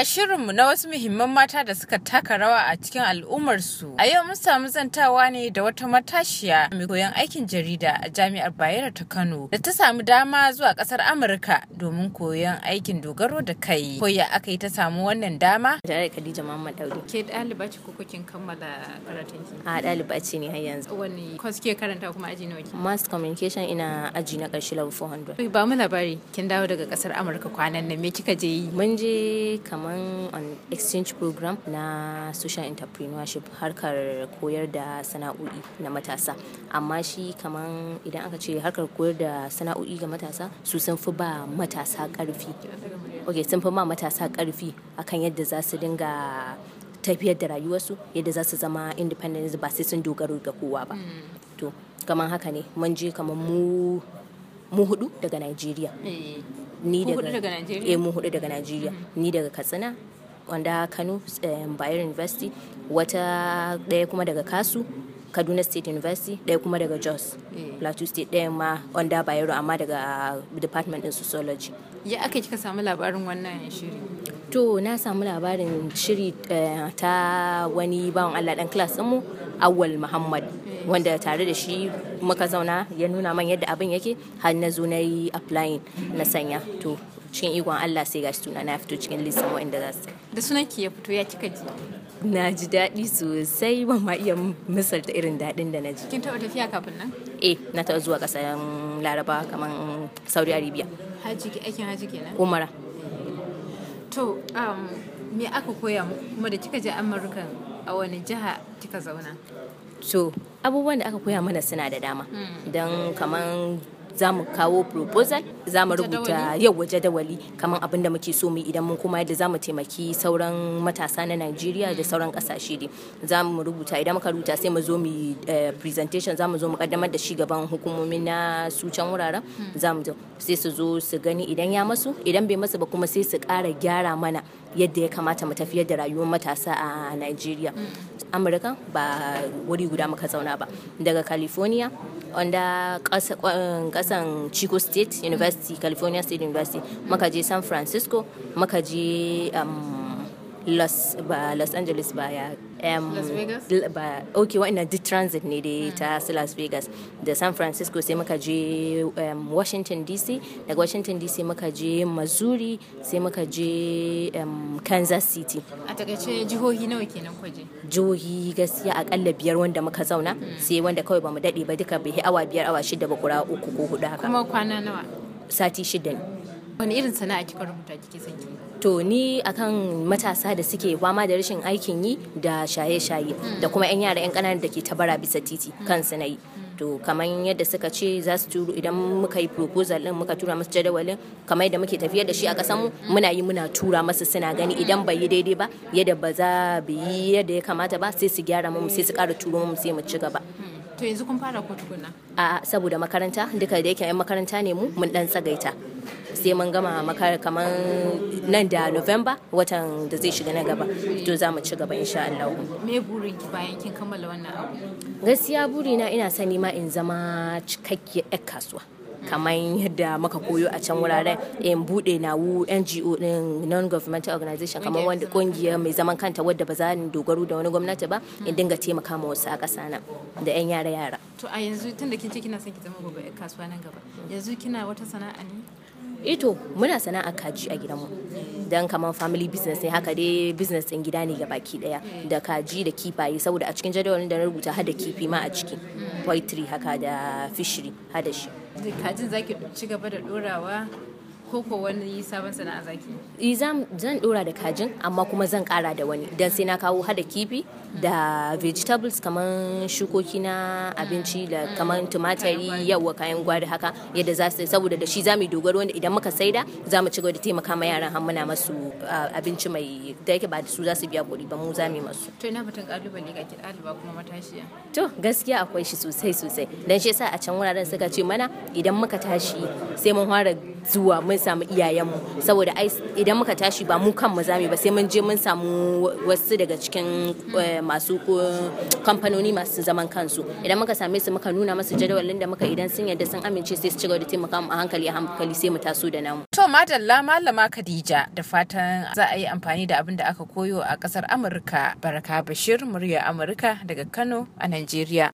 a shirinmu na wasu muhimman mata da suka taka rawa a cikin al'ummarsu. A yau mun samu zantawa ne da wata matashiya mai koyon aikin jarida a jami'ar Bayero ta Kano da ta samu dama zuwa kasar Amurka domin koyon aikin dogaro da kai. Koya aka yi ta samu wannan dama? Jare Khadija Muhammad Daudi. Ke ɗaliba ce ko kin kammala karatun ki? A ɗaliba ce ne har yanzu. Wani kwas ke karanta kuma aji nawa ki? Mass communication ina aji na ƙarshe level 400. Ba mu labari kin dawo daga kasar Amurka kwanan nan me kika je yi? Mun je kamar kamar on exchange program na social entrepreneurship harkar koyar da sana'o'i na matasa amma shi kamar idan aka ce harkar koyar da sana'o'i ga matasa su sun fi ba matasa karfi ok sun fi ma matasa karfi akan yadda za su dinga tafiyar da rayuwarsu yadda za su zama independent ba sai sun dogaro ga kowa ba mm. to kamar haka ne mun je kamar mu mu hudu daga Najeriya eh. ni daga eh mu hudu daga Najeriya mm-hmm. ni daga Katsina wanda Kano um, Bayero University wata daya kuma daga Kasu Kaduna State University daya kuma daga Jos eh. Plateau State daya ma wanda Bayero amma daga uh, Department of Sociology ya ake kika samu labarin wannan shiri to na samu labarin shiri uh, ta wani bawan Allah dan class mu Awal Muhammad wanda tare da shi muka zauna ya nuna man yadda abin yake har na zo na yi applying na sanya to cikin igon Allah sai gashi tuna na fito cikin listin wa'anda za su da sunan ki ya fito ya kika ji na ji daɗi sosai ban ma iya misalta irin daɗin da na ji kin taɓa tafiya kafin nan eh na taɓa zuwa ƙasar Laraba kamar Saudi Arabia haji aikin haji kenan umara to um, me aka koya kuma da kika je Amurka a wani jiha kika zauna to abubuwan da aka koya mana suna da dama hmm. don kamar za mu kawo proposal za mu rubuta yau jadawali kamar abin da muke so mu idan mun kuma yadda za mu taimaki sauran matasa na Najeriya da mm. sauran kasashe dai za mu rubuta idan muka rubuta sai mu zo mu eh, presentation za mu zo mu kaddamar da shi gaban hukumomi na su can wuraren mm. za mu sai su zo su gani idan ya masu idan bai masu ba kuma sai su ƙara gyara mana yadda ya kamata mu tafiyar da rayuwar matasa a Najeriya mm. Amurka ba wuri guda muka zauna ba daga California under um, kasan chico state university california state university muka je san francisco muka je um, Los, ba, Los Angeles ba ya um, Las Vegas? ba ok wa'annan duk transit ne dai ta mm. su Las Vegas da San Francisco sai muka je um, Washington DC daga Washington DC muka je Missouri sai muka je um, Kansas City a takaice jihohi nawa kenan kwaje jihohi gaskiya akalla biyar wanda muka zauna mm. sai wanda kawai bamu dade ba duka bai awa biyar awa shida ba kura uku ko hudu haka kuma kwana nawa sati shida ne wani irin sana'a kika rubuta kike son ki to ni akan matasa da suke fama da rashin aikin yi da shaye-shaye da kuma 'yan yara 'yan ƙananan da ke tabara bisa titi kan yi. to kamar yadda suka ce za su turo idan muka yi proposal din muka tura masu jadawalin kamar yadda muke tafiyar da shi a kasanmu muna yi muna tura masu suna gani idan bai yi daidai ba yadda ba za bi yi yadda ya kamata ba sai su gyara mu sai su ƙara turo mu sai mu ci gaba hmm. to yanzu kun fara ko tukuna a saboda makaranta duka da yake yan makaranta ne mu mun dan tsagaita sai mun gama makar kamar nan da november watan da zai shiga na gaba to za mu ci gaba insha Allah me burin ki bayan kin kammala wannan abu gaskiya burina ina sani ma in zama cikakkiyar 'yar kasuwa kamar yadda muka koyo a can wuraren in bude na wu ngo din non governmental organization kamar wanda kungiya mai zaman kanta wadda ba za ni dogaro da wani gwamnati ba in mm. dinga taimaka ma wasu a kasa na da yan yara yara to a yanzu tunda kin ce kina son ki zama gobe kasuwa nan gaba yanzu kina wata sana'a ne ito eh muna sana'a kaji a gidanmu dan kamar family business ne haka dai business din gida ne baki daya da kaji da kifaye saboda a cikin jadawalin da na rubuta hada kifi ma a ciki poetry haka da fishery hada shi kajin zaki ci gaba da dorawa Koko wani sabon sana'a zaki yi zan dora da kajin amma kuma zan kara da wani dan sai na kawo hada kifi da vegetables kamar shukoki na abinci da kamar mm. tumatari yawa kayan gwari haka yadda za su saboda da shi za mu dogaro wanda idan muka saida za mu ci gaba da taimaka ma yaran har muna masu abinci mai da yake ba da su za su biya kuɗi ba mu za mu yi masu to ina batun kalubale ga ɗaliba kuma matashiya to gaskiya akwai shi sosai sosai dan shi yasa a can wuraren suka ce mana idan muka tashi sai mun fara zuwa mun samu iyayenmu saboda idan muka tashi ba mu kan kanmu zamu ba sai mun je mun samu wasu daga cikin eh, masu kamfanoni masu zaman kansu idan muka same su muka nuna masu jadawalin da muka idan sun yadda sun amince sai su ci da taimaka mu a hankali a hankali sai mu taso da namu to madalla malama Khadija da fatan za a yi amfani da abin da aka koyo a kasar Amurka Baraka Bashir murya Amurka daga Kano a Najeriya